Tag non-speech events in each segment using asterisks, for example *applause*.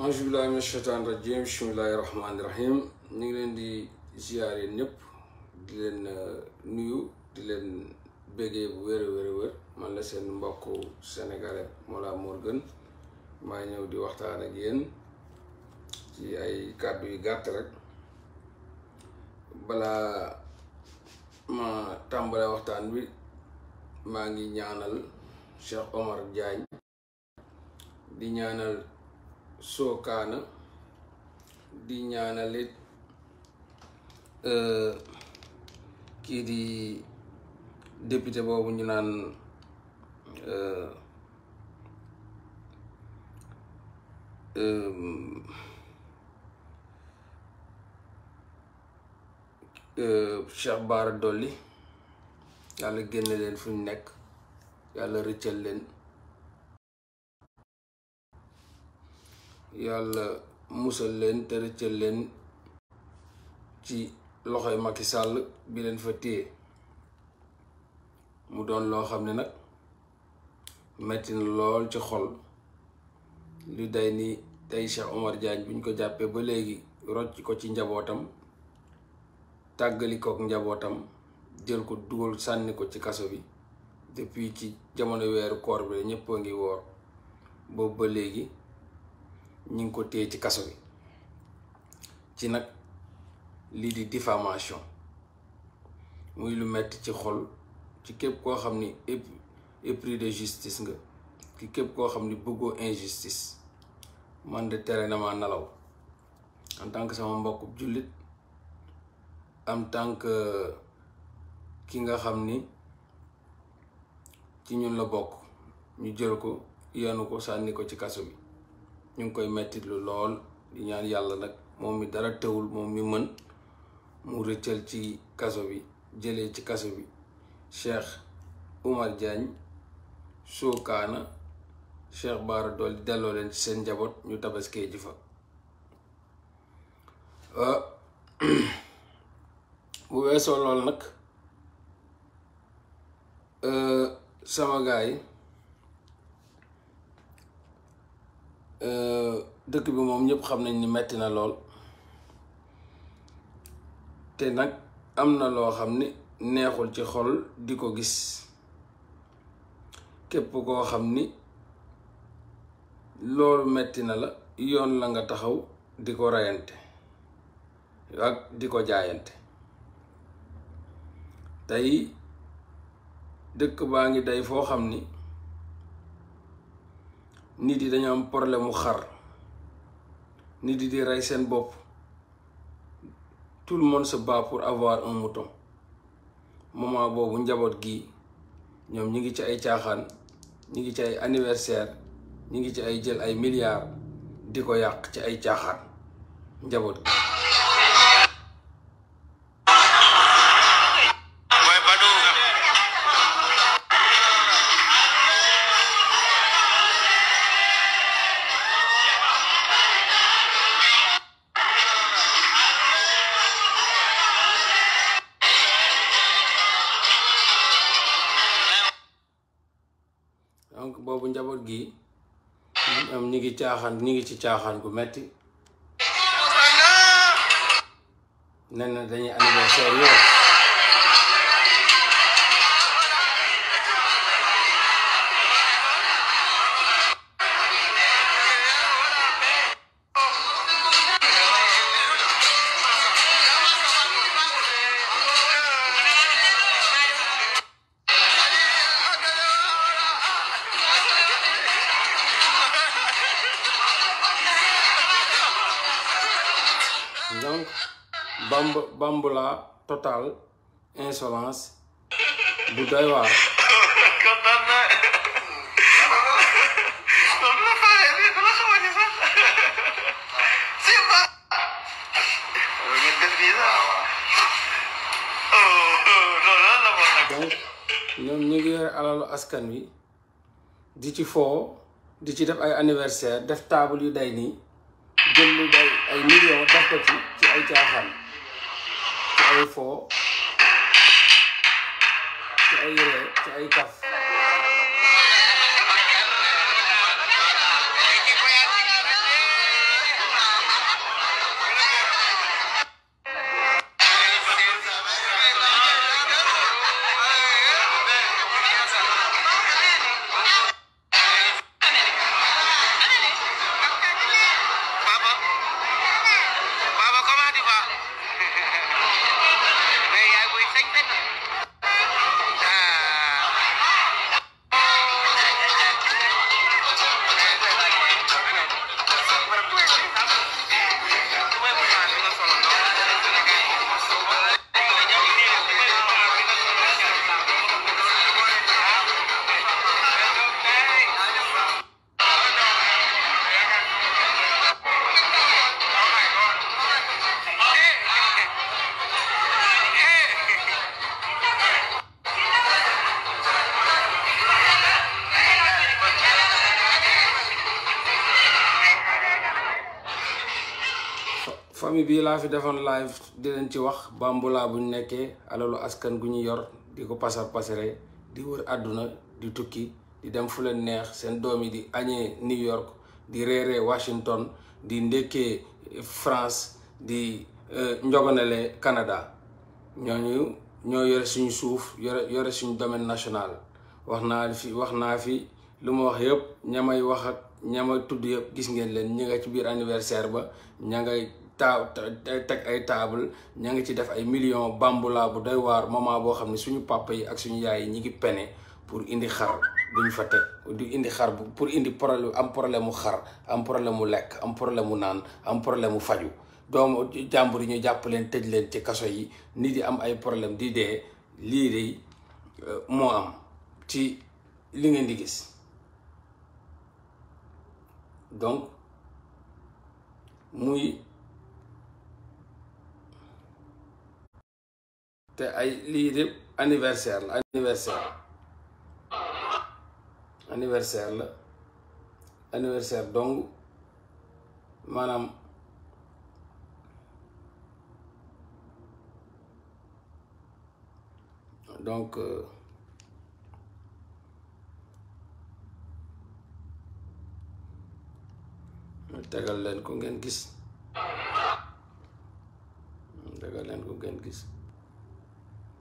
aju billahi min shaitan rahmaani rahim ñu ngi leen di ziyaare ñëpp di leen uh, nuyu di leen béggee bu wér man la seen mbokku sénégalais Mollah Morgun maa ñëw di waxtaan ak yéen ci ay kàddu yu gàtt rek balaa ma tàmbale waxtaan bi maa ngi ñaanal Cheikh Omar Diagne di ñaanal sookaana di ñaanalit e, kii di député boobu ñu naan e, e, Cheikh Bara Dolly yàlla génne leen fu ñu nekk yàlla rëccal leen yàlla musal leen te rëccal leen ci loxoy Macky sàll bi leen fa téye mu doon loo xam ne nag metti na lool ci xol lu day ni tey Omar Diagne buñ ko jàppee ba léegi rocci ko ci njabootam tàggalikook njabootam jël ko dugal sànni ko ci kaso bi depuis ci jamono weeru koor bi ñëpp a ngi woor boobu ba léegi ñi ngi ko téye ci kaso bi ci nag lii di diffamation muy lu metti ci xol ci képp koo xam ni épris de justice nga ki képp koo xam ni bëggoo injustice man de tere na ma nalaw en tant que sama mbokk jullit en tant que ki nga xam ni ci ñun la bokk ñu jël ko yenu ko sànni ko ci kaso bi ñu ngi koy mettit lu lool di ñaan yàlla nag moom mi dara tëwul moom mi mën mu rëccal ci kaso bi jëlee ci kaso bi Cheikh Oumar Diagne Sokana Cheikh Bara Dolly delloo leen seen njaboot ñu tabaskee ji fa euh, *clears throat* bu weesoo lool nag euh, sama gaay Euh, dëkk bi moom ñëpp xam nañ ni metti na lool te nag am na loo xam ne neexul ci xol di ko gis képp koo xam ni loolu metti na la yoon la nga taxaw di ko reyante ak di ko jaayante tey dëkk baa ngi day foo xam ni nit yi dañoo am problème mu xar nit yi di rey seen bopp tout le monde se bat pour avoir un mouton moment boobu njaboot gi ñoom ñi ngi ci ay caaxaan ñi ngi ci ay anniversaire ñi ngi ci ay jël ay milliards di ko yàq ci ay caaxaan njaboot gi caaxaan ñu ngi ci caaxaan gu metti nee na dañuy anniversaire yow totale insolence bu doy waar donc ñoom ñu ngi yore alalu askan wi di ci foo di ci def ay anniversaire def taabal yu day nii jël lu day ay millions def ci ay caaxaan ay foo ci ay ree ci ay kaf laa fi defoon live di leen ci wax bambulaa bu ñu nekkee alalu askan gu ñu yor di ko pasar pasare di wër àdduna di tukki di dem fu leen neex seen doom yi di añee New York di reeree Washington di ndekkee France di euh, njogonale Canada ñooñu ñoo yore suñu suuf yore yore suñu domaine national wax naa fi wax naa fi lu ma wax yëpp ña may wax ak tudd yëpp gis ngeen leen ñi nga ci biir anniversaire ba ña taaw teg ay table ña ngi ci def ay millions bambula bu doy waar moment boo xam ne suñu papa yi ak suñu yaay yi ñi ngi pene pour indi xar duñ fa teg du indi xar pour indi problème am problème mu xar am problème mu lekk am problème mu naan am problème mu faju doomu jàmbur yi ñu jàpp leen tëj leen ci kaso yi nit yi am ay problème di dee lii dey euh, moo am ci li ngeen di gis donc muy te ay lii de anniversaire la anniversaire anniversaire la anniversaire dong maanaam donc euh, tegal leen ko ngeen gis tegal leen ko ngeen gis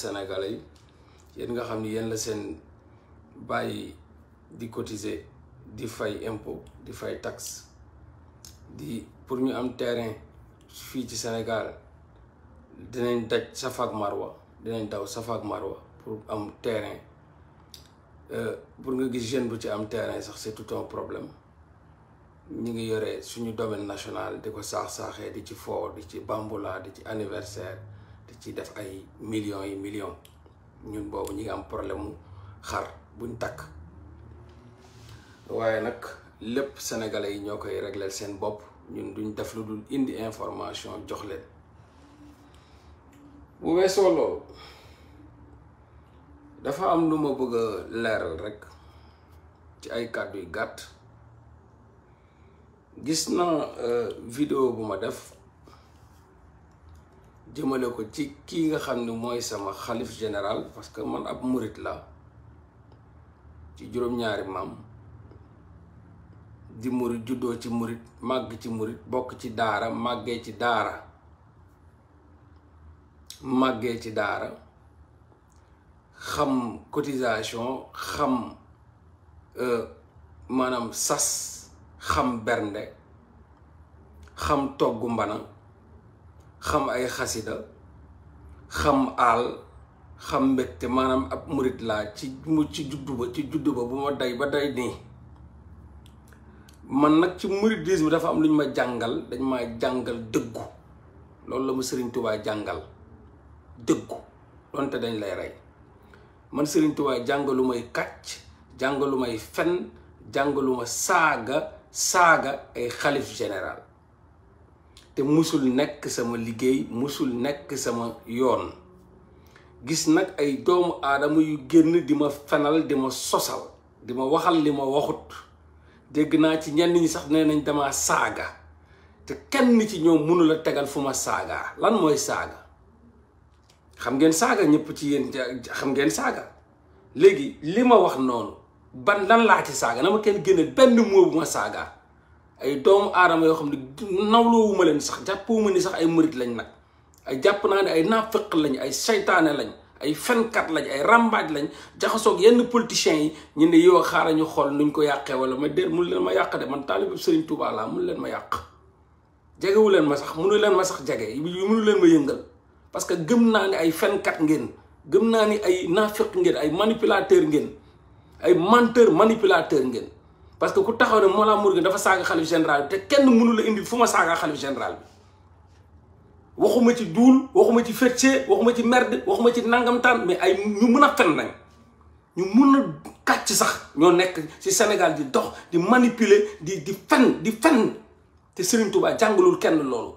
sénégalais yi yéen nga xam ni yéen la seen bàyyi di cotisé di fay impôt di fay tax di pour ñu am terrain fii ci Sénégal dinañ daj sa ak marwa dinañ daw sa ak marwa pour am terrain euh, pour nga gis jeune bu ci am terrain sax c'est tout un problème ñu ngi yore suñu domaine national di ko saax-saaxee di ci foo di ci bambula di ci anniversaire te ci def ay millions yu million ñun boobu ñu ngi am problème mu xar buñ takk waaye nag lépp sénégalais yi ñoo koy régler seen bopp ñun duñ def lu dul indi information jox leen bu weesoo loolu dafa am lu ma bëgg a leeral rek ci ay kàddu yu gàtt gis na euh, vidéo bu ma def jëmale ko ci kii nga xam ne mooy sama xalif général parce que man ab murit la ci juróom-ñaari maam di murit juddoo ci murit màgg ci murit bokk ci daara màggee ci daara màggee ci daara xam cotisation xam euh, maanaam sas xam bernde xam togg mbana xam ay xasida xam aal xam mbégte maanaam ab murit laa ci mu ci juddu ba ci juddu ba bu ma day ba day nii man nag ci bi dafa am lu ñu ma jàngal dañ ma jàngal dëggu loolu la mu Serigne Touba jàngal dëggu donte dañ lay rey man Serigne Touba jàngalu may kàcc jàngalu may fen jàngaluma ma saaga saaga ay xalif général te musul nekk sama liggéey musul nekk sama yoon gis nag ay doomu aadama yu génn di ma fenal di ma sosal di ma waxal li ma waxut dégg naa ci ñenn ñi sax nee nañ dama saaga te kenn ci ñoom a tegal fu ma saagaa lan mooy saaga xam ngeen saaga ñëpp ci yéen xam ngeen saaga léegi li ma wax noonu ban lan laa ci saaga na ma kenn génne benn moo bu ma saagaa ay doomu aadama yoo xam ne nawloowuma leen sax jàppuma ni sax ay murit lañ nag ay jàpp naa ne ay naaféq lañ ay seytaane lañ ay fenkat lañ ay rambaaj lañ jaxasoog yenn politiciens yi ñu ne yow xaaral ñu xool nuñ ko yàqee wala ma déet mun leen ma yàq de man taalibu Sëriñ mun leen ma yàq jegewu leen ma sax munu leen ma sax jege munu leen ma yëngal parce que gëm naa ne ay fenkat ngeen gëm naa ni ay naaféq ngeen ay manipulateur ngeen ay menteur manipulateur ngeen parce que ku taxaw ne Mollah Morgun dafa saaga xalif général bi te kenn mënu la indi fu ma saaga xalif général bi waxuma ci duul waxuma ci fecce waxuma ci merde waxuma ci nangamtaan mais ay ñu mun a fen nañ ñu mun a kàcc sax ñoo nekk ci Sénégal di dox di manipuler di di fen di fen te Serigne Touba jàngalul kenn loolu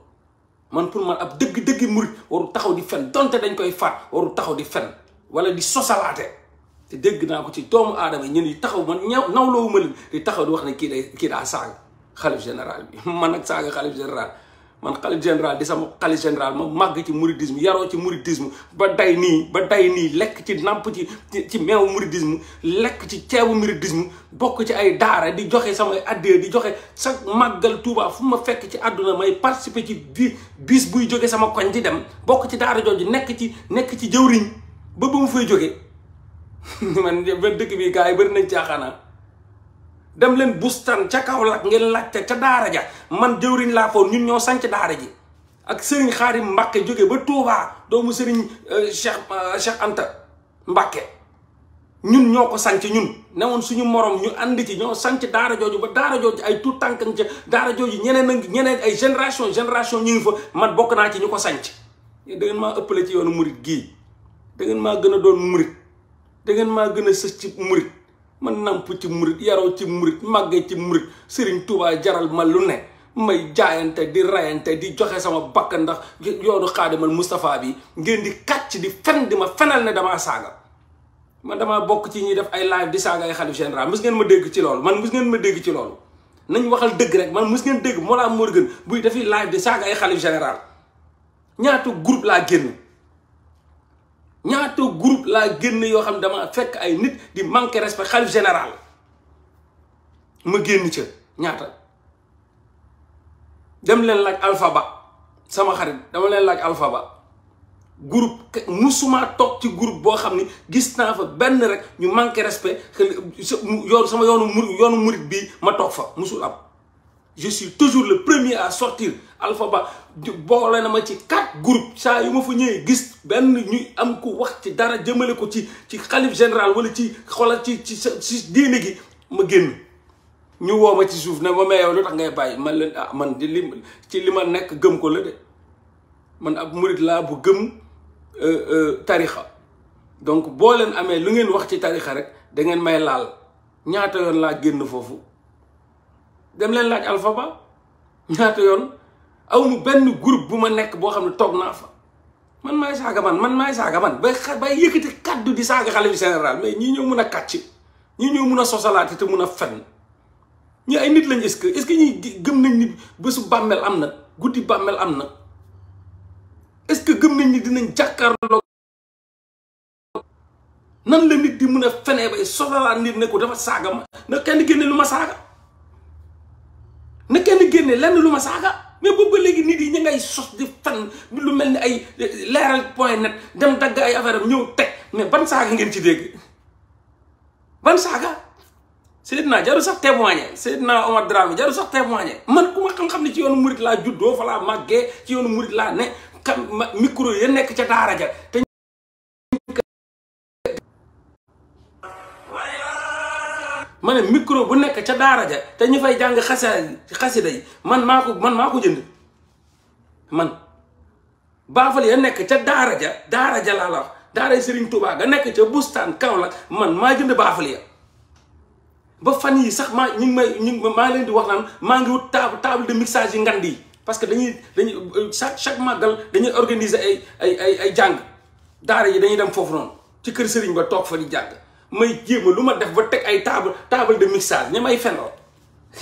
man pour man ab dëgg-dëgg murit waru taxaw di fen donte dañ koy faat waru taxaw di fen wala di sosalaate te dégg naa ko ci doomu aadama ñun yi taxaw man ñaw nawloowu ma leen di taxaw di wax ne kii day kii daa saaga xalif général bi *laughs* man ak saaga xalif général man xalif général di sama xalif général ma màgg ci mouridisme yaroo ci mouridisme ba day nii ba day nii lekk ci namp ci ci meewu mouridisme lekk ci ceebu mouridisme bokk ci ay daara di joxe sama addee di joxe sa màggal Tuubaa fu ma fekk ci àdduna may participer ci bi bis buy jóge sama koñ di dem bokk ci daara jooju nekk ci nekk ci jëwriñ ba ba mu jóge *laughs* man ba dëkk bi kaa yi bëri nañ caaxaana ah. dem leen bustan ca kaw Kaolack ngeen laajte ca daara ja man jëwriñ laa foon ñun ñoo sanc daara ji ak sëriñ Xaarim Mbàkke jóge ba Touba doomu sëriñ euh, Cheikh euh, Cheikh Anta Mbàkke ñun ñoo ko sanc ñun ne woon suñu morom ñu ànd ci ñoo sanc daara jooju ba daara jooju ay tout tànk ca daara jooju ñeneen ak ñeneen ay génération génération ñu ngi fa man bokk naa ci ñu ko sanc da ngeen maa ëppale ci yoonu murit gii da ngeen maa gën doon murit dangeen ma gën a sës ci murit man namp ci murit yaroo ci murit màggee ci murit Serigne Touba jaral ma lu ne may jaayante di rayante di joxe sama bakkan ndax yoonu xaadimal Moustapha bi ngeen di kàcc di fen di ma fenal ne damaa saaga man damaa bokk ci ñuy def ay live di saaga ay xalif général mus ngeen ma dégg ci loolu man mus ngeen ma dégg ci loolu nañu waxal dëgg rek man mus ngeen dégg Mollah Morgun buy dafiy live di saaga ay xalif général ñaatu groupe laa génn ñaata groupe laa génn yoo xam ne dama fekk ay nit di manqué respect xalif général ma génn ca ñaata dem leen laaj alphaba sama xarit dama leen laaj alphaba groupe musuma toog ci groupe boo xam ni gis naa fa benn rek ñu manqué respect yoon sama yoonu yoonu murit bii ma toog fa musul am je toujours le premier à sortir Alpha boole na ma ci kat groupes saa yu ma fa ñëwee gis benn ñuy am ku wax ci dara jëmale ko ci ci xalif général walla ci xoolal ci ci ci diine gi ma génn ñu woo ma ci suuf ne ma mais yow lu tax ngay bàyyi man leen ah man di li ci li ma nekk gëm ko la de man ab murit laa bu gëm euh, euh, tarixa donc boo leen amee lu ngeen wax ci tarixa rek da ngeen may laal ñaata yoon laa génn foofu dem leen laaj Alpha Ba ñaata yoon aw mu benn groupe bu ma nekk boo xam ne toog naa fa man maay saaga man man maay saaga man bay xa bay yëkkati kaddu di saaga xale yu général mais ñii ñoo mun a kàcc ñii ñoo mun a sosalaati te mun a fenn ñi ay nit lañ est-ce que est gëm nañ ni bésu bàmmeel am na guddi bàmmeel am na est-ce que gëm nañ ni dinañ jàkkaarloo nan la nit di mun a fenee bay sosalaat nit ne ko dafa saaga ma na kenn génne lu ma saaga génne lenn lu ma saaga mais boobu ba léegi nit yi ñu ngay sos di fan lu mel ni ay eh, leeral point net dem dagg ay affaire am ñëw teg mais ban saaga ngeen ci dégg ban saaga naa jaru sax témoigné Seydina Omar Dramé jaru sax témoigné man ku ma xam-xam ne ci yoonu murit laa juddoo fa laa màggee ci yoonu murit laa ne kam micro ya nekk ca daara ja ma ne micro bu nekk ca daara ja te ñu fay jàng xasa xasida yi man maa ko man maa ko jënd man baafal ya nekk ca daara ja daara ja laa la wax daara Serigne Touba ga nekk ca bustaan Kaolack man maa jënd baafal ya ba fan yi sax maa ñu ngi may ñu maa leen di wax naan maa ngi wut table table de mixage yi ngand yi parce que dañuy dañuy chaque chaque màggal dañuy organiser ay ay ay ay jàng daara yi dañuy dem foofu noonu ci kër Serigne ba toog fa di jàng may jéem lu ma def ba teg ay table table de mixage ña may fenoo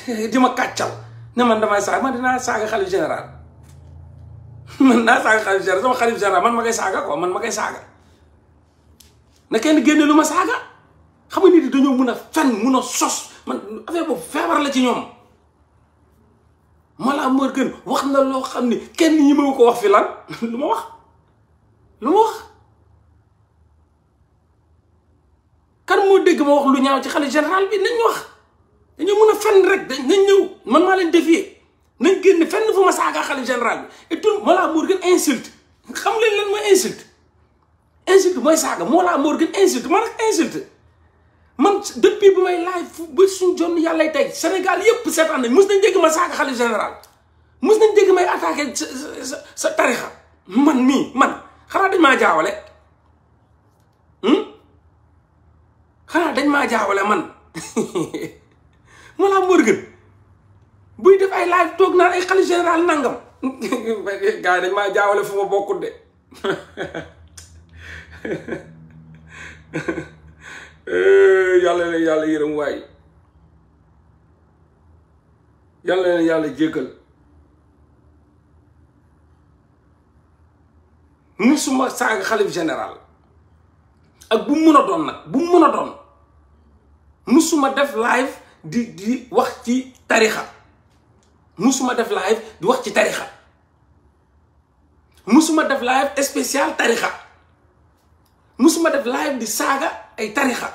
di ma kàccal ne man damay saaga man dinaa saaga xalif général naa saaga xalif général man ma koy saaga quoi man ma koy saaga na kenn génne lu ma saaga xam nga nit yi dañoo mun a fen mun a sos man affaire boobu feebar la ci ñoom Mollah Morgun wax na loo xam ni kenn ñi ma ko wax fi lan *laughs* lu ma wax lu ma wax kan moo dégg ma wax lu ñaaw ci xale général bi ñu wax dañoo mën a fenn rek dañ nañ ñëw man maa leen défier nañ génn fenn fu ma saaka xale général bi et tout Mollah Morgun insulte xam leen lan mooy insulte insulte mooy saaga Mollah Morgun insulte man ak insulte man depuis bu may laaj fu ba suñ jonn yàllay tey Sénégal yëpp seetaan nañ mos nañ ma saaga xale général mos nañ dégg may attaqué sa sa man mii man xanaa dañ maa jaawale xanaa dañ maa jaawale man Mollah *laughs* Morgun buy def ay live toog naan ay xalifa général nangam *laughs* gars yi dañ maa jaawale fu bokkut de *laughs* yàlla leen yàlla yërëm waay yàlla leen yàlla jéggal musuma saaga xalif général ak bu mu mën a doon nag bu mu a doon musuma def live di di wax ci tarixa musuma def live di wax ci tarixa musuma def live tarixa musuma def live di saaga ay tarixa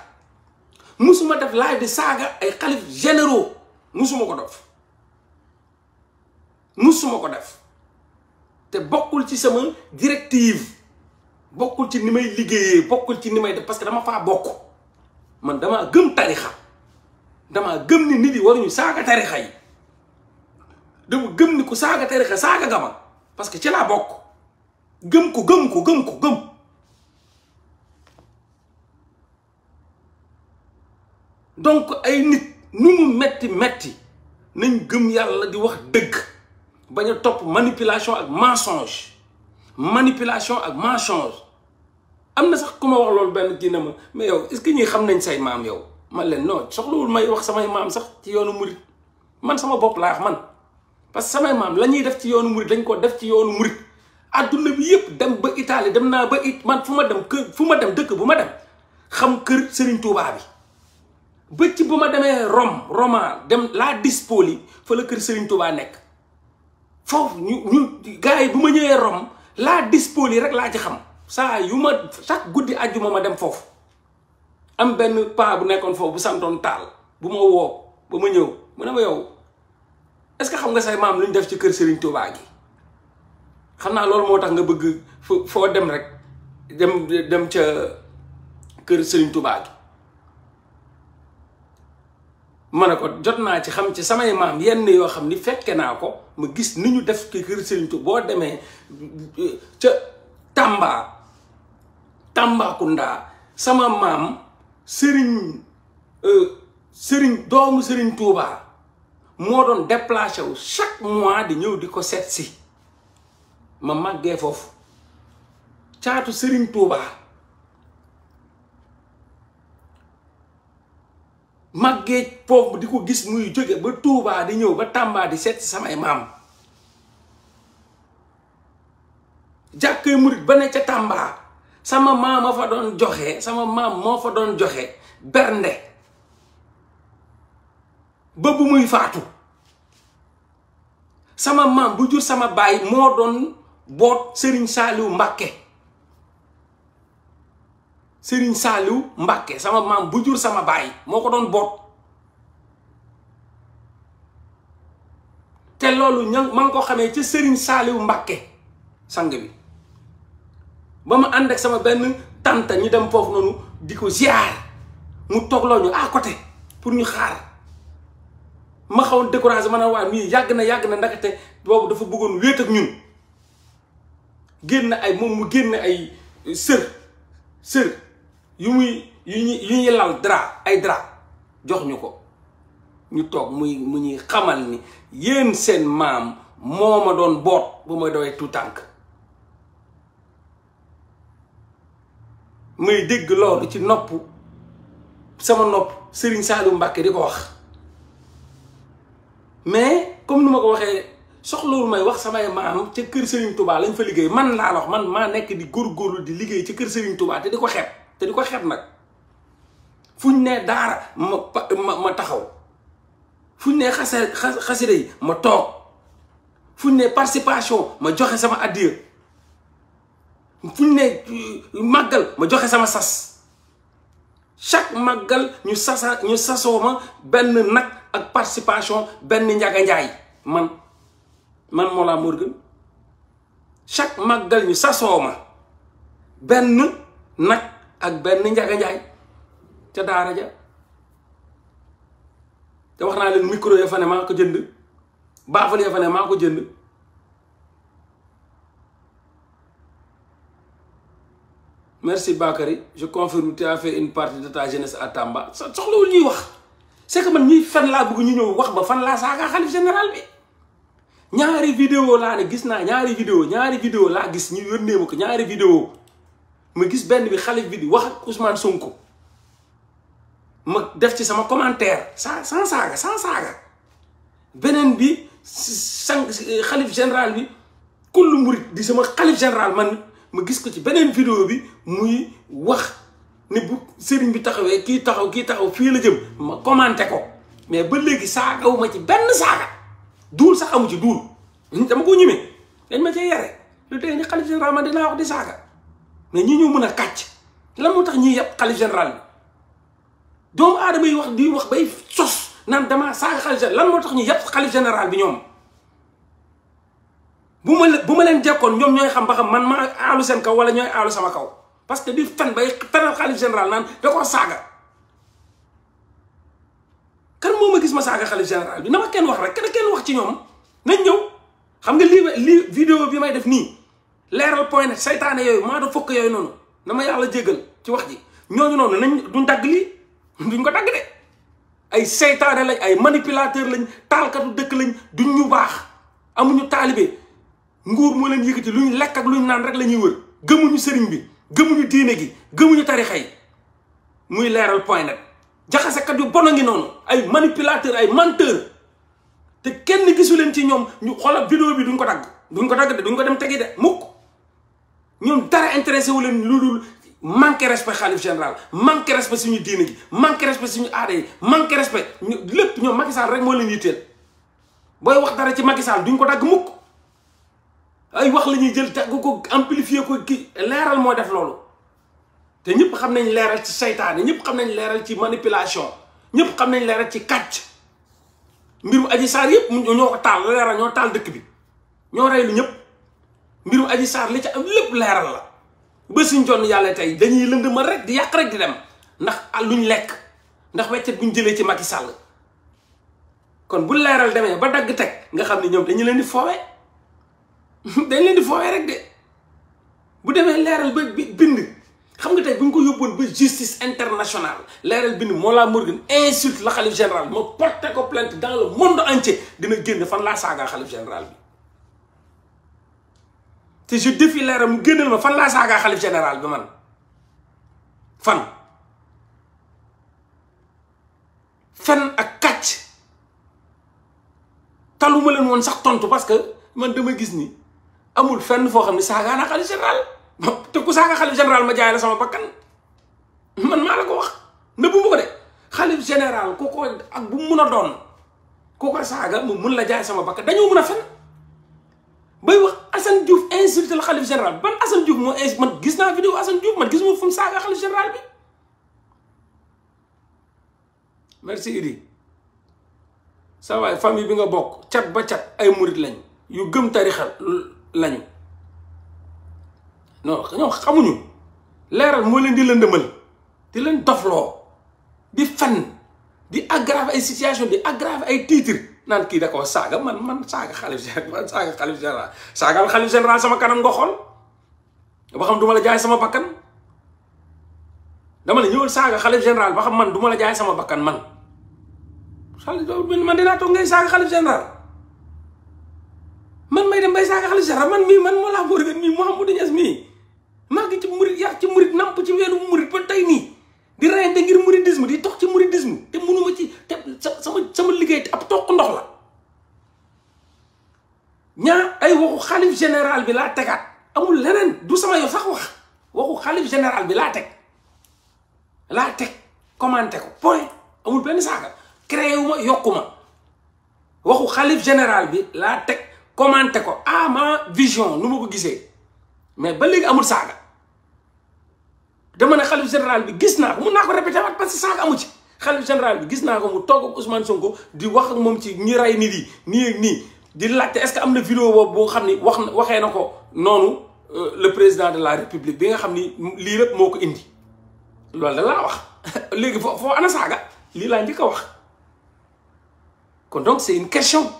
musuma def live di saaga ay xalif généro musuma ko def musuma ko def te bokkul ci sama directive bokkul ci ni may liggéeyee bokkul ci ni may def parce que dama faa bokk man damaa gëm tarixa damaa gëm ni nit yi waruñu saaga tarixa yi dama gëm ni ku saaga tarixa saaga nga parce que ci laa bokk gëm ko gëm ko gëm ko gëm donc ay nit nu mu metti metti nañ gëm yàlla di wax dëgg bañ a topp manipulation ak mensonge manipulation ak mensonge am na sax ku ma wax loolu benn kii ma mais yow est-ce ñi xam nañ say maam yow man leen non soxlawul may wax samay maam sax ci yoonu murit man sama bopp laa wax man parce que samay maam la ñuy def ci yoonu murit dañ ko def ci yoonu murit adduna bi yëpp dem ba Italie dem naa ba it man fu ma dem kër fu ma dem dëkk bu ma dem xam kër Serigne Touba bi ba ci bu ma demee Rome Roma dem laa Dispoli fa la kër Serigne Touba nekk foofu ñu ñu gars yi bu ma ñëwee Rome laa Dispoli rek laa ci xam saa yu ma chaque guddi àjjuma ma dem foofu am benn paa bu nekkoon foofu bu santoon taal bu ma woo ba ma ñëw mu ne ma yow est-ce que xam nga say maam lu ñu def ci kër Serigne Touba gi xam naa loolu moo tax nga bëgg foo dem rek dem dem ca kër Serigne Touba ma ne ko jot naa ci xam ci samay maam yenn yoo xam ni fekke naa ko ma gis ni ñu def ci kër Serigne boo demee ca. tàmba Tambacounda sama maam Serigne euh, Serigne doomu Serigne Touba moo doon déplacé wu chaque mois di ñëw di ko seet si ma màggee foofu caatu Serigne Touba màggee foofu di ko gis muy jóge ba Touba di ñëw ba tàmbaa di seet si samay maam. dee murit ba ne ca Tamba sama maam a fa doon joxe sama maam moo fa doon joxe bernde ba bu muy faatu sama maam bu jur sama baay moo doon boot Serigne Saliou Mbacké Serigne Saliou Mbacké sama maam jur sama baay moo ko doon boot te loolu ña ma ngi ko xamee ci sëriñ Saliou Mbacké sang bi ba ma ànd ak sama benn tànta ñu dem foofu noonu di ko ziar mu toogloo ñu à côté pour ñu xaar ma xawoon découragé man ne waa mii yàgg na yàgg na ndakate boobu dafa bëggoon wéet ak ñun génn ay moom mu génn ay sër sër yu muy yu ñuy yu ñuy ay dra jox ñu ko ñu toog muy mu ñuy xamal ni yéen seen maam moo ma doon boot bu ma dawee tout tànk may dégg loolu ci nopp sama nopp Serigne Saliou Mbacké di ko wax mais comme nu ma ko waxee soxlawul may wax samay maam ca kër Serigne Touba lañ fa liggéey man laa wax man maa nekk di góorgóorlu di liggéey ci kër Serigne Touba te di ko xeeb te di ko xeeb nag fuñ ne daara ma ma taxaw fuñ ne xase xasida yi ma toog fuñ ne participation ma joxe sama addiya fu ñu ne euh, ma joxe sama sas chaque màggal ñu sasoo ma benn nag ak participation benn njaga njaay man man Mollah Morgun chaque màggal ñu sasoo ma benn nag ak benn njaga njaay ca daara ja te wax naa leen micro ya fa ne maa ko jënd baafal ya maa ko jënd merci Bakary je confirme tu as fait une partie de ta jeunesse à Tamba sa soxlawul ñuy wax c'est man ñuy fan laa bëgg ñu ñëw wax ba fan laa saaga xalif général bi ñaari vidéo laa ne gis naa ñaari vidéo ñaari vidéo laa gis ñu yónnee ma ko ñaari vidéo ma gis benn bi xalif bi di wax ak Ousmane Sonko ma def ci sama commentaire sans sans saaga sans saaga beneen bi sang xalif général bi kullu murit di sama xalif général man ma gis ko ci beneen video bi muy wax ne bu sëriñ bi taxawee kii taxaw kii taxaw fii la jëm ma commenté ko mais ba léegi saagawu ma ci benn saaga duul sax amu ci duul dama ko ñimee dañ ma cee yare lu tey ni xalif général man wax di saaga mais ñi ñoo a kàcc lan moo tax ñuy yàpp xalif général doomu aadama yi wax di wax bay sos naan damaa saaga xalif général lan moo tax ñuy yàpp xalif général bi ñoom bu ma ma leen jekkoon ñoom ñooy xam ba xam man maa aalu seen kaw wala ñooy aalu sama kaw parce que di fen bay fenal xalif général naan da koo saaga kan moo ma gis ma saaga xalif général bi na ma kenn wax rek kenn kenn wax ci ñoom nañ ñëw xam nga lii lii vidéo bi may def nii leeral point net yooyu maa da fokk yooyu noonu na ma yàlla jégal ci wax ji ñooñu noonu nañ duñ dagg lii duñ ko dagg de ay seytaane lañ ay manipulateur lañ taalkatu dëkk lañ duñ ñu baax amuñu taalibe nguur moo leen yëkkati lu ñu lekk ak lu ñu naan rek la ñuy wër gëmuñu sëriñ bi gëmu gëmuñu diine gi gëmuñu tarixa yi muy leeral point net jaxasekat yu bon a ngi noonu ay manipulateur ay menteur te kenn gisu leen ci ñoom ñu xoolal vidéo bi duñ ko dagg duñ ko dagg de duñ ko dem tegi de mukk ñoom dara intéressé wu leen lu dul manqué respect xalif général manqué respect suñu diine gi manke respect suñu aada yi manqué respect lépp ñoom Macky Sall rek moo leen yitteel booy wax dara ci Macky duñ ko dagg mukk ay wax la ñuy jël teg ko amplifier ko ki leeral moo def loolu te ñëpp xam nañ leeral ci seytaane ñëpp xam nañ leeral ci manipulation ñëpp xam nañ leeral ci kàcc mbirum aji saar yëpp ñoo ko taal leeral ñoo taal dëkk bi ñoo rey lu ñëpp mbirum aji saar li ci am lépp leeral la ba suñ jonn yàlla tey dañuy lënd ma rek di yàq rek di dem ndax luñ lekk ndax weccet buñ jëlee ci Macky Sall kon bu leeral demee ba dagg teg nga xam ne ñoom dañu leen di foowee *laughs* dañ leen di foowee rek de bu demee leeral ba bind xam nga tey bu ñu ko yóbboon ba justice internationale leeral bind Mollah Morgun insulte la xalif général ma porté ko plainte dans le monde entier dina génn fan laa saaga xalif général bi te je défie leeral mu génnal ma fan laa saagaa xalif général bi man fan fen ak kàcc taluma leen woon sax tontu parce que man dama gis nii amul fenn foo xam ne saaga naa xalif général ku saaga xalif général ma jaay sama bakkan man maa ko wax nëbbu ko de xalif général ku ko ak bu mu mun a doon ku ko saaga mu jaay sama bakkan dañoo mun a fenn bay wax Assane Diouf insulte la xalif général ban Assane Diouf moo insulte gis naa vidéo Assane Diouf man gisuma fu mu saaga xalif général bi merci Idi sa famille bi nga bokk cat ba cat ay murit lañ yu gëm tarixal lañu non ñoom xamuñu leeral moo leen di lëndëmal di leen dofloo di fan di aggrave ay situation di aggrave ay titre naan kii da koo saaga man man saaga xalif général man saaga xalif sama kanam nga xool ba xam du ma la jaay sama bakkan dama ne ñëwal saaga xalif général ba man du ma la jaay sama bakkan man xalif man dinaa toog ngay saaga xalif général man may dem bay saaga xaalis dara man mii man moo laa Morgan mii Mouhamadou Niass mii maa ngi ci murit yar ci murit namp ci weenu murit ba tey nii di reyante ngir muridisme di tox ci muridisme te mënuma ci te sama sama liggéey ab toq ndox la ñaa ay waxu xalif général bi laa tegaat amul leneen du sama sax wax waxu xalif général bi laa teg laa teg commenté ko point amul benn saaga créé wu ma yokku ma waxu xalif général bi laa teg commenté ko ah ma vision nu ma ko gisee mais ba léegi amul saaga dama ne xalif général bi gis naa ko mun naa ko répété am parce que saaga amu ci xalif général bi gis naa ko mu toog ak Ousmane Sonko di wax ak moom ci ñi rey ni yi nii nii di laajte est-ce que am na vidéo boobu boo xam ni wax waxee na ko noonu euh, le président de la république bi nga xam ni lii lépp moo ko indi loolu da laa wax *laughs* léegi foo ana saaga lii laa njëkk a wax kon donc c'est une question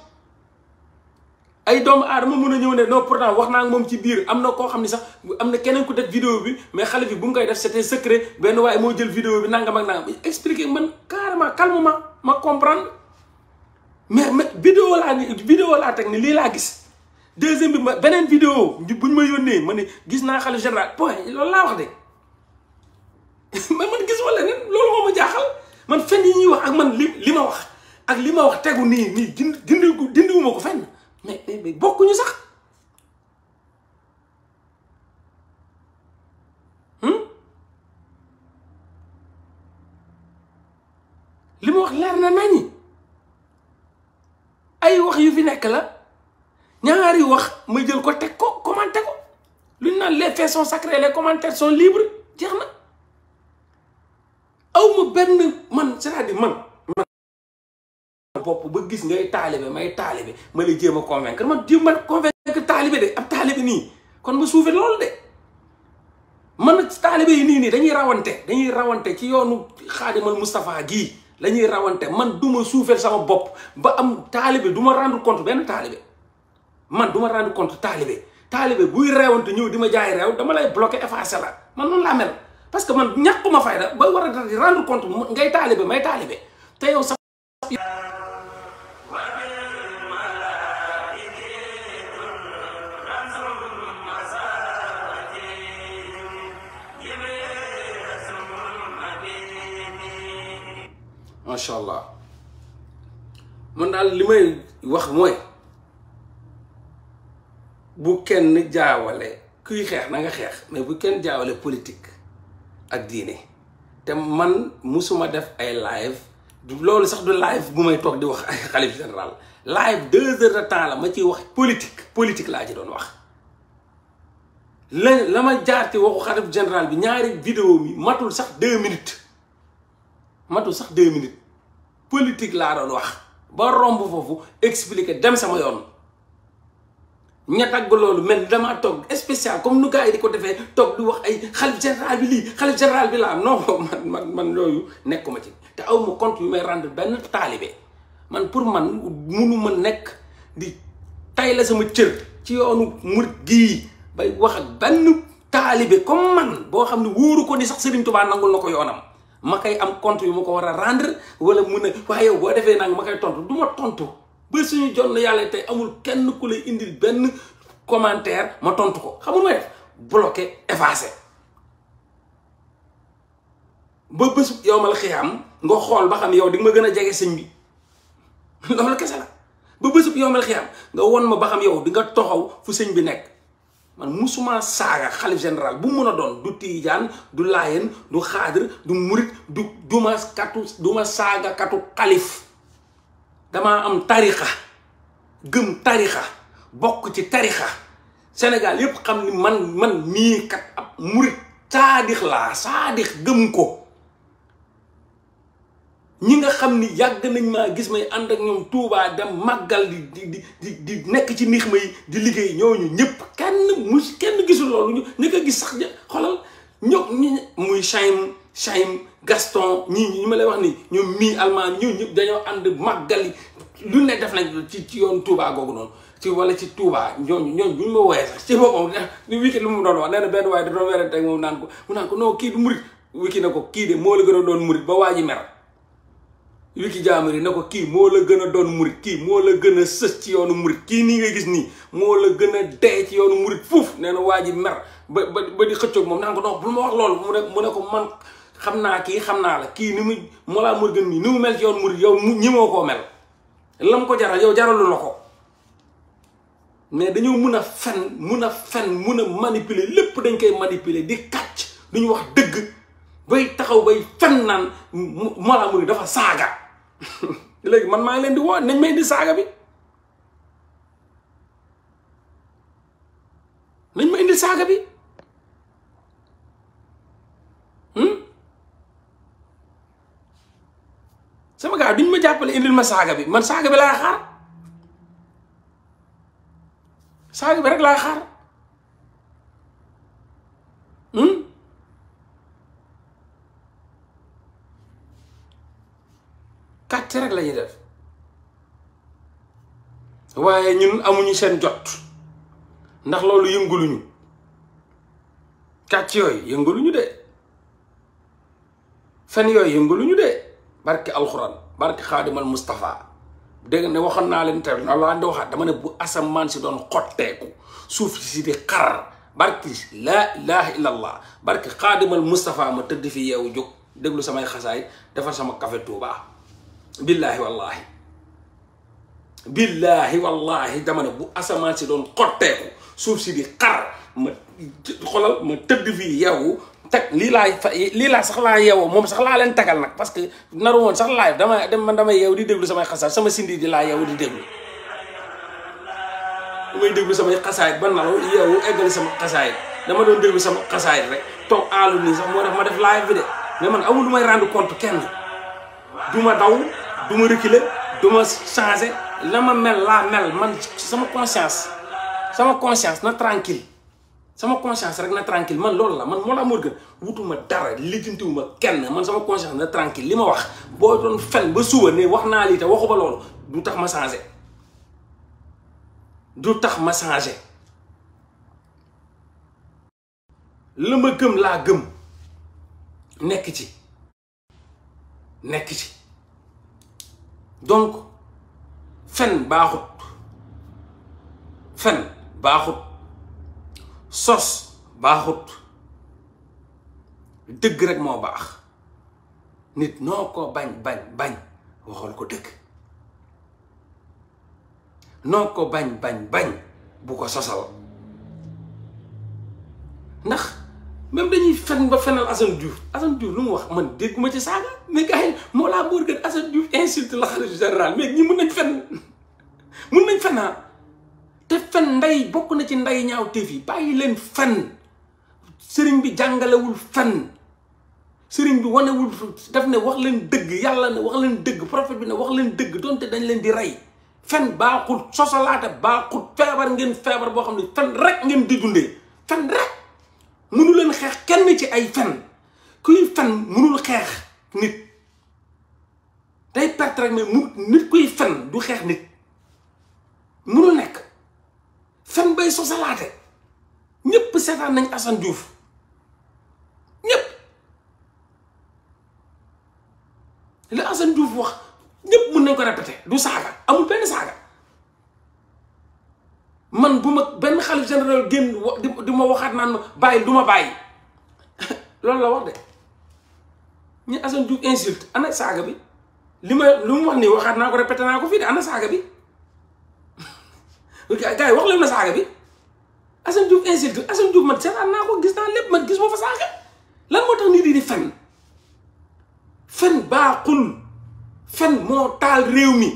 ay doomu aadama mun a ñëw ne non pourtant wax naa ak moom ci biir am na koo xam ne sax am na keneen ku def vidéo bi mais xale bi bu mu koy def c'était secret benn waaye moo jël vidéo bi nangam ak nangam expliquer man carrément calmement ma comprendre mais mais vidéo laa ni vidéo laa lii laa gis deuxième bi ma beneen vidéo buñ ma yónnee ma ne gis naa xale général point loolu laa wax de *laughs* mais man gis ma leneen loolu moo ma jaaxal man fenn yi ñuy wax ak man li li ma wax ak li ma wax tegu nii nii dindi dindi dindiwuma ko fenn mais bokkuñu sax hmm? li ma wax leer na nañi ay wax yu fi nekk la ñaari wax ma jël ko teg ko commenté ko lu ñu naan les faits sont sacrés les commentaires sont jeex na aw ma benn man cest à man bopp ba gis ngay taalibe may taalibe ma lay jéem a convaincre man jéem a convaincre taalibe nii kon ma suufe loolu de man taalibe yi nii nii dañuy rawante dañuy rawante ci yoonu xaadimal Moustapha gii la rawante man du ma suufeel sama bopp ba am taalibe du ma rendre compte benn taalibe man du ma rendre compte taalibe taalibe buy reewante ñëw di ma jaay reew dama lay bloqué effacé la man noonu laa mel parce que man ñàkkuma fayda ba war a di rendre compte ngay taalibe may taalibe te yow sax macha allah man daal li may wax mooy bu kenn jaawale kuy xeex na nga xeex mais bu kenn jaawale politik ak diine te man musuma def ay live du loolu sax du live bu may toog di wax ay xalif général live deux heures de temps la ma ciy wax politique politique laa ci doon wax la la ma jaar ci waxu xalif général bi ñaari vidéo mi matul sax deux minutes matul sax deux minutes politique laa doon wax ba romb foofu expliquer dem sama yoon ña tagg loolu mel damaa toog spécial comme nu gars yi di ko defee toog di wax ay xalif général bi lii xalif général bi laa non *laughs* man man man yooyu nekkuma ci te aw ma compte yu taalibe man pour man munu ma nekk di tay la sama cër ci yoonu murit gii bay wax ak benn taalibe comme man boo xam ne wóoru ko ni sax Serigne Touba nangul na ko yoonam ma koy am compte yu ma ko war a rendre wala mun a waaye boo defee nag ma koy tontu du ma tontu ba suñu na yàlla tey amul kenn ku lay indil benn commentaire ma tontu ko xamul ma def bloqué effacé ba bés yow mal xiyaam nga xool ba xam yow di ma gën a jege sëñ bi *laughs* loolu kese la ba bésub yow mal xiyaam nga won ma ba xam yow di nga toxaw fu sëñ bi nekk man musuma saaga xalif général bu mun a doon du tiijaan du layen du xaadir du murit du duma katu duma saaga katu xalif damaa am tarixa gëm tarixa bokk ci tarixa Sénégal yépp xam ni man man mii kat ab murit saadix laa saadix gëm ko ñi nga xam ni yàgg nañ maa gis may ànd ak ñoom tuubaa dem màggal di di di nekk ci niix ma yi di liggéey ñooñu ñëpp kenn mu kenn gisul loolu ñu ñu ko gis sax xolal ñoom muy Chaim Chaim Gaston ñii ñu ma lay wax ni ñoom mii allemand ñoo ñëpp dañoo ànd màggali lu ne def nañ ci ci yoon tuubaa googu noonu ci wala ci tuubaa ñooñu ñooñu bu ñu ma wooyee sax ci boppam lu wiki lu mu doon wax nee na benn waaye da doon werante ak moom naan ko mu naan ko non kii du murit wiki na ko kii de moo la gën a doon murit ba waa ji mer wiki jaamari na ko kii moo la gën a doon murit kii moo la gën a sës ci yoonu murit kii nii nga gis nii moo la gën a dee ci yoonu murit fuuf nee na waa ji mer ba ba ba di xëccoog moom naa ko doo bul ma wax loolu mu ne ko man xam naa kii xam naa la kii ni mu Mollah Morgun nii ni mu mel ci yoonu murit yow ñi moo koo mel lam ko jaral yow jaralu la ko mais dañoo mun a fen mun a fen mun a manipuler lépp dañ koy manipuler di kàcc duñu wax dëgg bay taxaw bay fen naan Mollah Morgun dafa saaga *laughs* léegi man maa ngi leen di woon nañ may di saaga bi nañ ma indi saaga bi hmm? sama gars duñ ma jàppale indil ma saaga bi man saaga bi laay xaar saaga bi rek laay xaar kàcc rek la ñuy def waaye ñun amuñu seen jot ndax loolu yënguluñu kàcc yooyu yënguluñu de fen yooyu yënguluñu de barki alxuraan barki xaadimal Moustapha dégg ne waxoon naa leen te loolu laa di waxaat dama ne bu asamaan si doon xotteeku suuf si di xar barki laa ilaha illallah barki xaadimal Moustapha ma tëdd fi yeewu jóg déglu samay xasaay defar sama café Touba. billaahi wallaahi billaahi dama ne bu asamaan si doon xotteeku suuf si bi xar ma xolal ma tëdd fii yeewu teg lii laay fa lii laa sax laa yeewoo moom sax laa leen tagal nag parce que naru woon sax laay dama dem man damay yeew di déglu samay sama sindi di laa yeewu di déglu damay déglu samay xasaayit ba nalaw yeewu eggali sama xasaayit dama doon deglu sama xasaayit rek toog aalu nii sax moo def ma def laay bi de mais man amul lu may rendre compte kenn du ma daw du ma reculer ma changer la ma mel laa mel man sama conscience sama conscience na tranquille sama conscience rek na tranquille man loolu la man moo la Morgun wutuma dara lijjantiwuma kenn man sama conscience na tranquille li ma wax boo doon fen ba suba ne wax naa lii te waxu ba loolu du tax ma changé du tax ma changé la ma gëm laa gëm nekk ci nekk ci donc fen baaxut fen baaxut sos baaxut dëgg rek moo baax nit noo ko bañ bañ bañ waxal ko dëgg noo ko bañ bañ bañ bu ko sosal ndax même dañuy fen ba fenal Assane Diouf Assane Diouf lu mu wax man dégguma ci saaga mais gars moo laa boor gën Assane Diouf insulte la xalifa général mais ñi mun nañ fen mun nañ fen ah te fen nday bokk na ci nday ñaaw téef yi bàyyi leen fen sëriñ bi jàngalewul fen sëriñ bi wanewul daf ne wax leen dëgg yàlla ne wax leen dëgg prophète bi ne wax leen dëgg donte dañ leen di rey fen baaxul sosolaate baaxul feebar ngeen feebar boo xam ne fen rek ngeen di dundee fen rek mënu leen xeex kenn ci ay fen kuy fen mënul xeex nit tey perte rek nit kuy fen du xeex nit mënul nekk fen bay sosalaate ñëpp seetaan nañ Assane Diouf ñëpp li Assane Diouf wax ñépp mun nañ ko répété du saaga amul benn saaga man bu ma benn xalif général génn di ma waxaat naan ma du ma bàyyi *laughs* loolu la wax de ñu Assane Diouf insulte ana saaga bi li ma lu mu wax nii waxaat naa ko répété naa ko fii de ana saaga bi *laughs* gars yi wax leen na saaga bi Assane Diouf insulte Assane Diouf man seetaan naa ko gis naa lépp man gis ma fa saaga lan moo tax nit yi di fen fen baaxul fen moo taal réew mi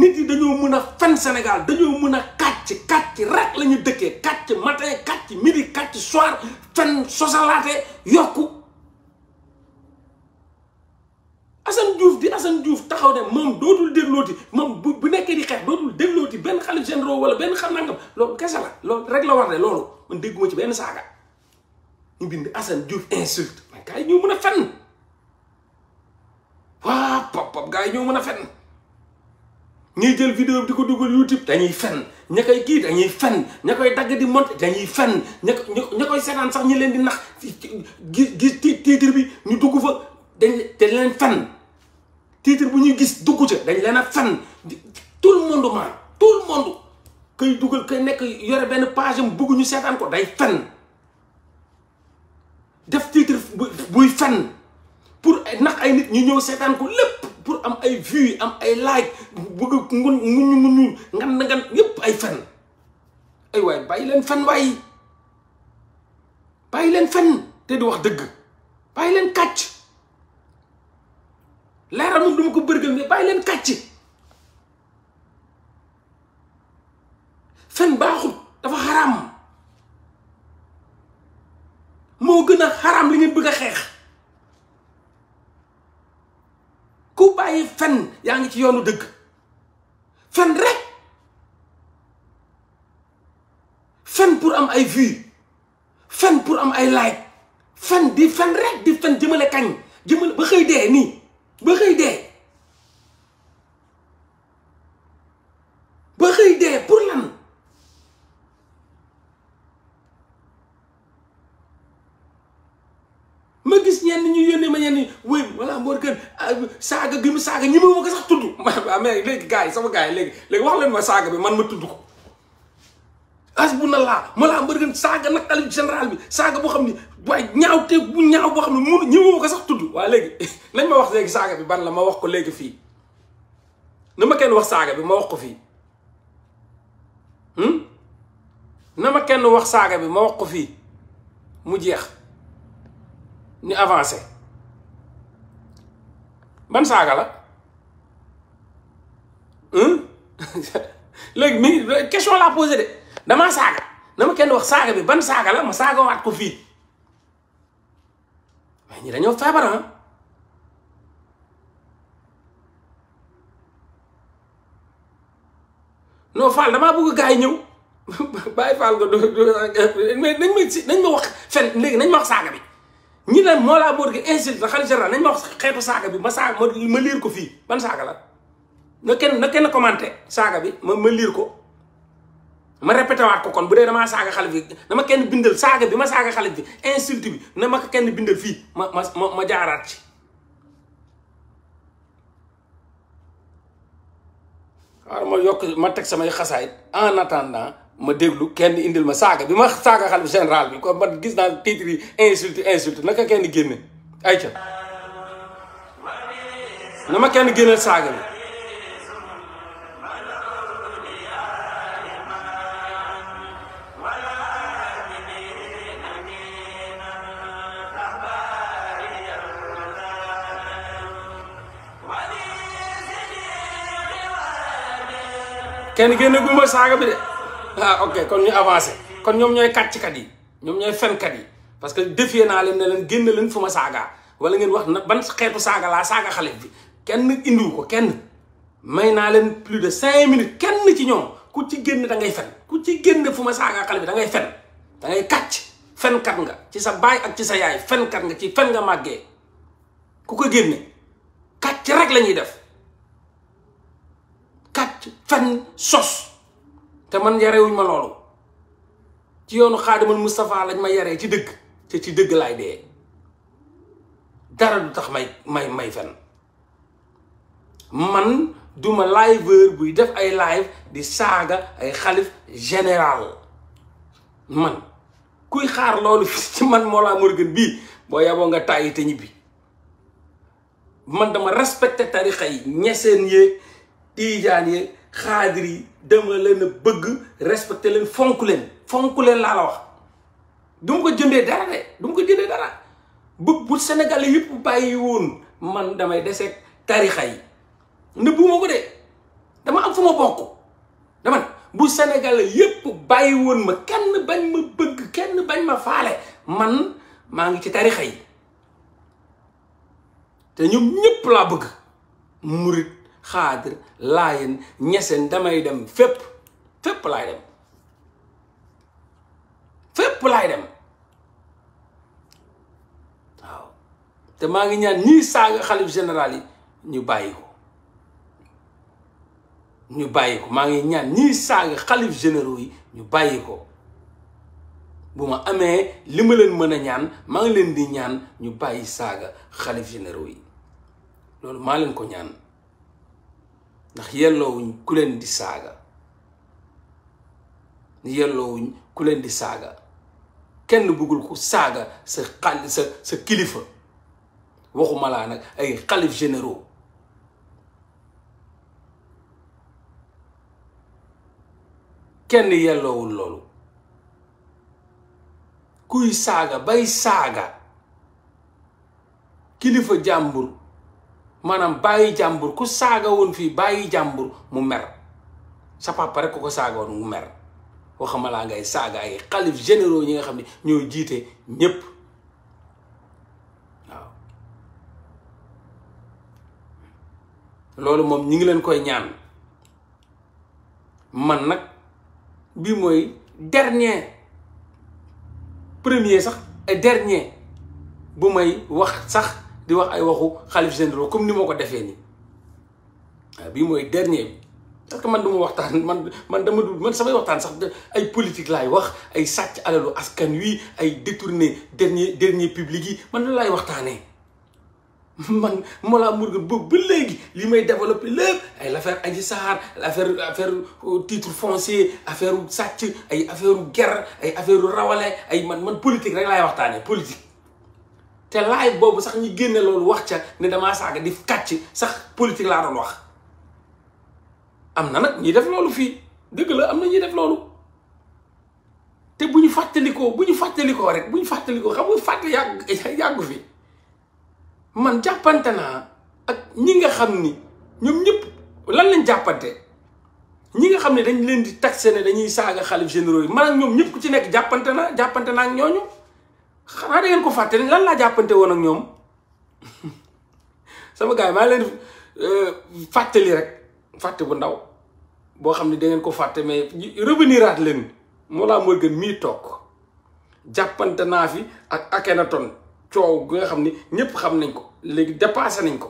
nit yi dañoo mën a fen Sénégal dañoo mën a ci kàcc rek la ñu dëkkee kàcc matin kàcc midi kàcc soir fen sosalaate yokku Assane Diouf di Assane Diouf taxaw ne moom dootul déglooti moom bu bu nekkee di xeex dootul déglooti benn xalif généraux wala benn xam nga loolu kese la loolu rek la war ne loolu man dégguma ci benn saaga ñu bind Assane Diouf insulte man gars yi ñoo mën a fenn waa pop pop gars yi ñoo mën a fen ñuy jël vidéo bi di ko dugal YouTube dañuy fen ña koy kii dañuy fen ña koy dagg di monté dañuy fen ña ña koy seetaan sax ñu leen di nax gis gis titre bi ñu dugg fa dañ dañ leen fen titre bu ñuy gis dugg ca dañ leen a fen tout le monde ment tout le monde kay nekk yore benn page am bëgg ñu seetaan ko day fen def titre buy fen pour nax ay nit ñu ñëw seetaan ko lépp pour am ay vues am ay like bëgg ngun nguñu nguñu ngan na ngan yépp ay fen ay waay bàyyi leen fen waay bàyyi leen fen te di wax dëgg bàyyi leen kàcc leeral moom du ma ko bërgël mais bàyyi leen kàcc fen baaxul dafa xaram moo gën a xaram li ngeen bëgg a xeex ku bàyyi fen yaa ngi ci yoonu dëgg fen rek fen pour am ay vues fen pour am ay like fen di fen rek di fen jëmale kañ jëmale ba xëy dee nii ba xëy dee saaga gi mu saaga ñi ko sax tudd ma *laughs* ah, mais léegi gars yi sama gars yi léegi léegi wax leen ma saaga bi man ma tudd ko ma malaa mbërgën saaga nag alif général bi saaga boo xam ni waaye ñaaw te bu ñaaw boo xam ne mun ñi ko sax tudd waa léegi *laughs* nañ ma wax léegi saaga bi ban la ma wax ko léegi fii na ma kenn wax saaga bi ma wax ko fii hmm? na ma kenn wax saaga bi ma wax ko fii mu jeex ñu avancé ban saaga la léegi mi question la posé de dama saaga na ma kenn wax saaga bi ban saaga la ma saaga waat ko fii mais ñi dañoo feebar non Fall damaa bëgg gars yi ñëw bàyyi Fall nga do mais nañ ma wax fen léegi nañ ma wax saaga bi ñi leen ne Mollah Morgun insulte la xalifa général nañ ma wax xeetu saaga bi ma saaga ma liir ko fii ban saaga la na kenn na kenn commenté saaga bi ma ma liir ko ma répété ko kon bu dee damaa saaga xalif bi na kenn bindal saaga bi ma saaga xalif bi insulte bi na ma kenn bindal fii ma ma ma ma jaaraat ci waaw ma yokk ma teg samay xasaay en attendant ma déglu kenn indil ma saaga bi ma saaga xalif général bi gis naa titre yi insulte insulte naka kenn génne ay ca na ma kenn génneel saaga bi kenn génne gu ma saaga bi de ah ok kon ñu avancé kon ñoom ñooy kàcckat yi ñoom ñooy fenkat yi parce que défier naa leen ne leen génne leen fu ma saagaa wala ngeen wax na ban xeetu saaga laa saaga xale bi kenn indiwu ko kenn may naa leen plus de cinq minutes kenn ci ñoom ku ci génn da ngay fen ku ci génn fu ma saagaa xale bi da ngay fen da ngay kàcc fenkat nga ci sa baay ak ci sa yaay fenkat nga ci fen nga màggee ku ko génne kàcc rek lañuy def kàcc fen sos te man yarewuñ ma loolu ci yoonu xaadimal Moustapha lañ ma yaree ci dëgg te ci dëgg laay dee dara du tax may may may fen man duma liveur buy def ay live di saaga ay xalif général man kuy xaar loolu *laughs* ci man Mollah Morgun bii boo yaboo nga tàyyi te ñibbi man dama respecté tarixa yi ñeseen yéeg tiijaan yi xaadir yi dama leen bëgg respecté leen fonk leen fonk leen laa la wax du ma ko jëndee dara de du ma ko jëndee dara bu bu Sénégalais yëpp bàyyi woon man damay deseeg tarixa yi nëbbuuma ko dama am fu ma dama bu Sénégalais yëpp woon ma kenn bañ ma bëgg kenn bañ ma faale man maa ngi ci tarixa yi te ñoom ñëpp laa bëgg murit xaadir laayen ñeseen damay dem fépp fépp laay dem fépp laay dem waaw te maa ngi ñaan ñii saaga xalif général yi ñu bàyyi ko ñu bàyyi ko maa ngi ñaan ñii saaga xalif généraux yi ñu bàyyi ko bu ma amee li ma leen mën a ñaan maa ngi leen di ñaan ñu bàyyi saaga xalif généraux yi loolu maa leen ko ñaan ndax yelloowuñ ku leen di saaga yelloowuñ ku leen di saaga kenn bëggul ku saaga sa xal sa sa kilifa waxuma laa nag ay xalif généraux kenn yelloowul loolu kuy saaga bay saaga kilifa jàmbur maanaam bàyyi jàmbur ku saaga woon fii bàyyi jàmbur mu mer sa papa rek ku ko saaga woon mu mer waxuma laa ngay saaga ay xalif généraux ñi nga xam ne ñoo jiite ñépp loolu moom ñu ngi leen koy ñaan man nag bi mooy dernier premier sax et dernier bu may wax sax di wax ay waxu xalif généraux comme ni moo ko defee nii waaw bii mooy dernier bi parce que man du ma waxtaan man man dama dul man samay waxtaan sax ay politique laay wax ay sàcc alalu askan wi ay détourné dernier dernier public yi man la laay waxtaanee man Mollah Morgun boobu ba léegi li may développé lépp ay l'affaire Adji Sarr affaire affaire titre foncier affaire sàcc ay affaire guerre ay affaire rawale ay man man politique rek laay waxtaanee politique. te live boobu sax ñu génne loolu wax ca ne damaa saaga di kàcc sax politique laa doon wax am na nag ñuy def loolu fii dëgg la am na ñuy def loolu te bu ñu fàttalikoo bu ñu fàttalikoo rek bu ñu fàttalikoo xam nga yàgg yàggu fi man jàppante naa ak ñi nga xam ni ñoom ñëpp lan lañ jàppante ñi nga xam ne dañ leen di taxé ne dañuy saaga xalif généraux yi man ak ñoom ñëpp ku ci nekk jàppante na jàppante naa ak ñooñu. xanaa da ngeen ko fàtte lan laa jàppante woon ak ñoom sama gars yi maa leen euh, fàttali rek fàtte bu ndaw boo xam ne dangeen ko fàtte mais reveniraat leen moo laa mooy gën mii toog jàppante naa fi ak Akhenaton coow gi nga xam ni ñëpp xam nañ ko léegi dépassé nañ ko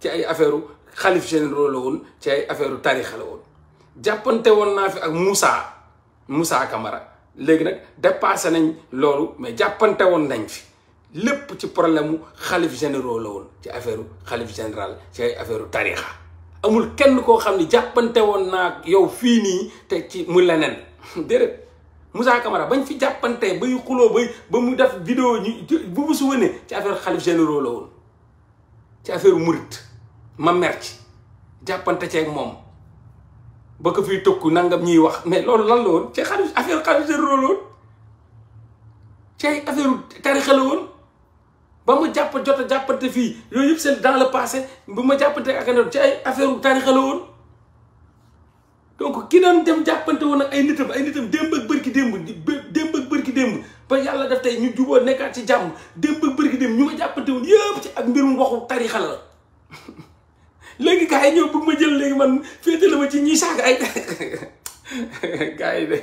ci ay affaire xalif général la woon ci ay affaire tarixa la woon jàppante woon naa fi ak Moussa Moussa Camara léegi nag dépassé nañ loolu mais jàppante woon nañ fi lépp ci problème mu xalif généraux la ci affaire xalif général ci affaire tarixa amul kenn koo xam ni jàppante woon naa yow fii nii te ci mu leneen *laughs* déedéet Moussa Camara bañ fi jàppante bay xuloo bay ba mu def vidéo ñu bu mu su wënee ci affaire xalif généraux la woon ci affaire murit ma mer jàppante ceeg moom ba fii fiy tëkku nangam ñuy wax mais loolu lan la woon ci xarit affaire xarit rôle affaire tarixa la woon ba mu jàpp jot jàppante fii yooyu yëpp seen dans le passé bu ma jàppante ak anam ci ay affaire tarixa la woon donc ki doon dem jàppante woon ak ay nitam ay nitam démb ak bërki démb démb ak bërki démb ba yàlla def tey ñu juboo nekkaat ci jàmm démb ak bërki démb ñu ma jàppante woon yëpp ci ak mbirum waxu tarixa la *laughs* léegi gars yi ñëw bëgg ma jël léegi man féete la ma ci ñi saaga ay gars yi de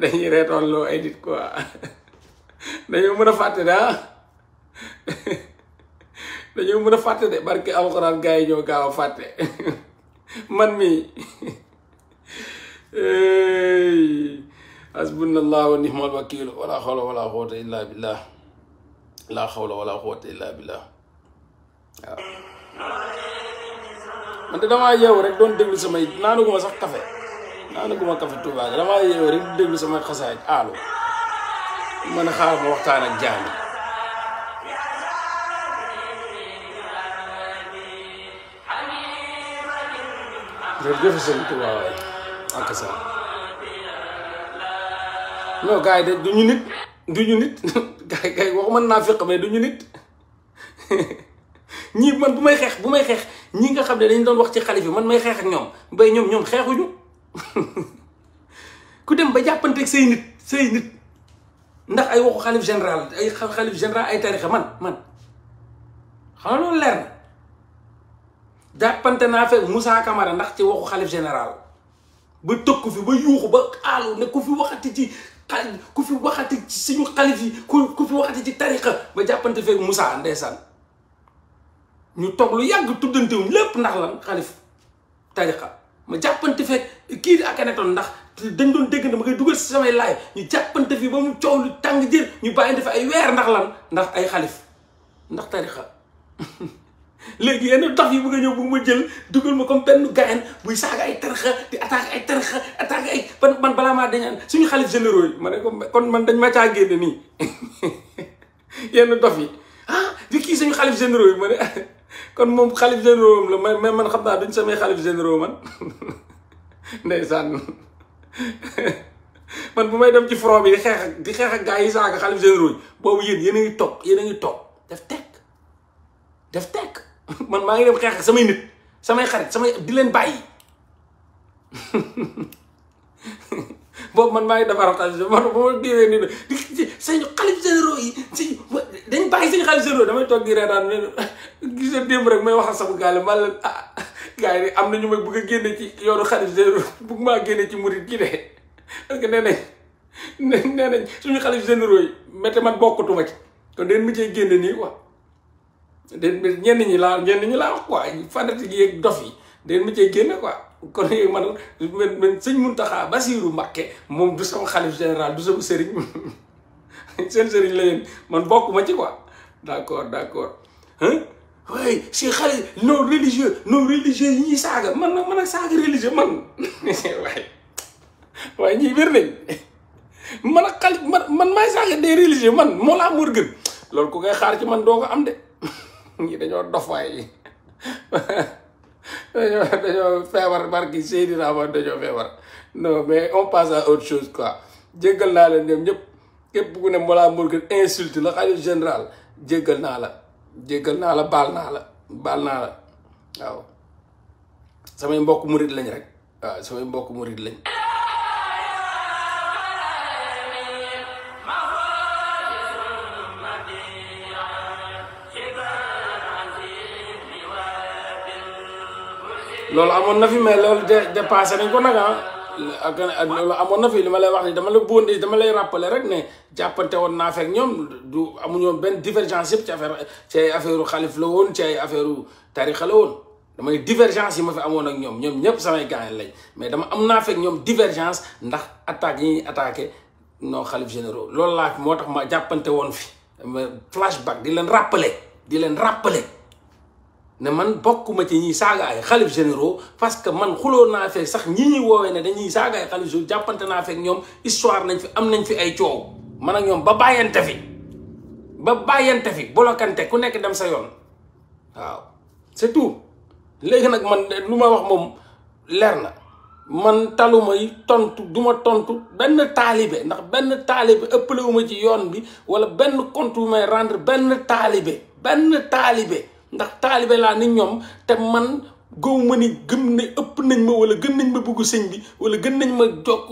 dañuy reetoon loo ay nit quoi dañoo mën a fàtte de ah dañoo mën a fàtte de barke alxuraan gars yi ñoo gaaw a fàtte man mi hasbunallahu wa nihmal wakiil wala xawla wala xuwata illa billah la xawla wala xuwata illa man te damaa yeewu rek doon déglu samay naanaguma sax café naanaguma café Touba gi damaa yeewu rek di déglu samay xasaay aalu mën a xaaral ma waxtaan ak jaami jërëjëf sëñ Touba waay du ñu nit du ñu nit *laughs* gars yi waxuma naa fiq mais du ñu nit *laughs* ñi man bu may xeex bu may xeex ñi nga xam ne dañ doon wax ci xalif bi man may xeex ak ñoom bay ñoom ñoom xeexuñu *laughs* ku dem ba jàppanteeg say nit say nit ndax ay waxu xalif général ay xalif général ay tarixa man man xam loolu leer na jàppante naa fekk Moussa Camara ndax ci waxu xalif général ba tëkk fi ba yuuxu ba aalu ne ku fi waxati ci xal ku fi waxati ci suñu xalif ku ku fi waxati tarixa ba jàppante fekk Moussa ndeysaan ñu toog lu yàgg tuddantewuñ lépp ndax lan xalif tariqa ma jàppante fekk kii ak anetoon ndax dañ doon dégg ma koy dugal si samay laay ñu jàppante fi ba mu coow lu tàng jër ñu bàyyi dafa ay weer ndax lan ndax ay xalif ndax tariqa *laughs* léegi yenn dox yi bëgg a ñëw bu ma jël dugal ma comme benn gayen buy saaga ay tarixa di attaque ay tarixa attaque ay man man balaa maa dañaan suñu xalif généraux yi ma ne ko kon man dañ ma caa génne nii *laughs* yenn dof yi ah di kii suñu xalif généraux yi ma ne *laughs* kon moom xalif généraux la mais man xam naa duñ samay xalif généraux man *laughs* ndeysaan *laughs* man bu may dem ci front bi di xeex di xeex ak gars yi saaga xalif généraux boobu yéen yéen a ngi toog yéen a ngi toog def tekk def tekk *laughs* man maa ngi dem xeex samay nit samay xarit samay di leen bàyyi boobu man maa ngi defar xaalis ba ma diwee nii di sëñ xalif généraux yi sëñ dañ bàyyi sëñ xalif généraux damay toog di reetaan ne gis rek may wax ak sama gaale man la ah am na ñu may bëgg a génne ci yoonu xalif généraux bëgg maa génne ci murit gi de parce que nee nañ nee nañ suñu xalif généraux yi métti man bokkutuma ci kon den mujjee génne nii quoi den ñenn ñi laa ñenn ñi laa wax quoi fanatique yi ak dof yi. dangeen ma cee génne quoi kon man sëñ mun sëñ Muntaxa Basiiru Mbàkke moom du sama xalif général du sama sëriñ *laughs* sëriñ la man bokkuma ci quoi d' accord d' accord waaye si xale non religieux non religieux yi ñuy saaga man nag man ak saaga religieux man *laughs* man ak xale man man maay saaga des religieux man moo laa mër loolu ko koy xaar ci man doo ko am de *laughs* ñii dañoo dof waaye dañoo feebar barki Seydina Amady dañoo feebar non mais on passe à autre chose quoi jéggal naa leen ñoom ñëpp képp ku ne Mollah Morgun insulte la xalifa général jéggal naa la jéggal naa la baal naa la baal naa la waaw samay mbokk murit lañ rek waaw samay mbokk murit lañ. loolu amoon na fi mais loolu dépassé nañ ko nag ah. ak ak loolu amoon na fi li ma lay wax ni dama la bóonde dama lay rappeler rek ne jàppante woon naa fekk ñoom du amuñu benn divergence yëpp ci affaire ci ay affaire xalif la woon ci ay affaire tarixa woon damay divergence yi ma fi amoon ak ñoom ñoom ñëpp samay gaañ lañ mais dama am naafeek ñoom divergence ndax attaque yi attaque attaqué non xalif généro loolu laa moo tax ma jàppante woon fi flashback di leen rappeler di leen rappeler ne man bokkuma ci ñiy saaga ay xalif généro parce que man xuloo naa fekk sax ñi ñuy woowee ne dañuy saaga ay xalif généraux jàppante naa fekk ñoom histoire nañ fi am nañ fi ay coow man ak ñoom ba bàyyante fi ba bàyyante fi bolokante ku nekk dem sa yoon waaw c'est léegi nag man lu ma wax moom leer na man taluma yi tontu du ma tontu benn taalibe ndax benn taalibe ëppalewuma ci yoon bi wala benn compte bu may rendre benn taalibe taalibe ndax taalibe laa ni ñoom te man góob ma ni gën ne ëpp nañ ma wala gën nañ ma bëggu sëñ bi wala gën nañ ma jokk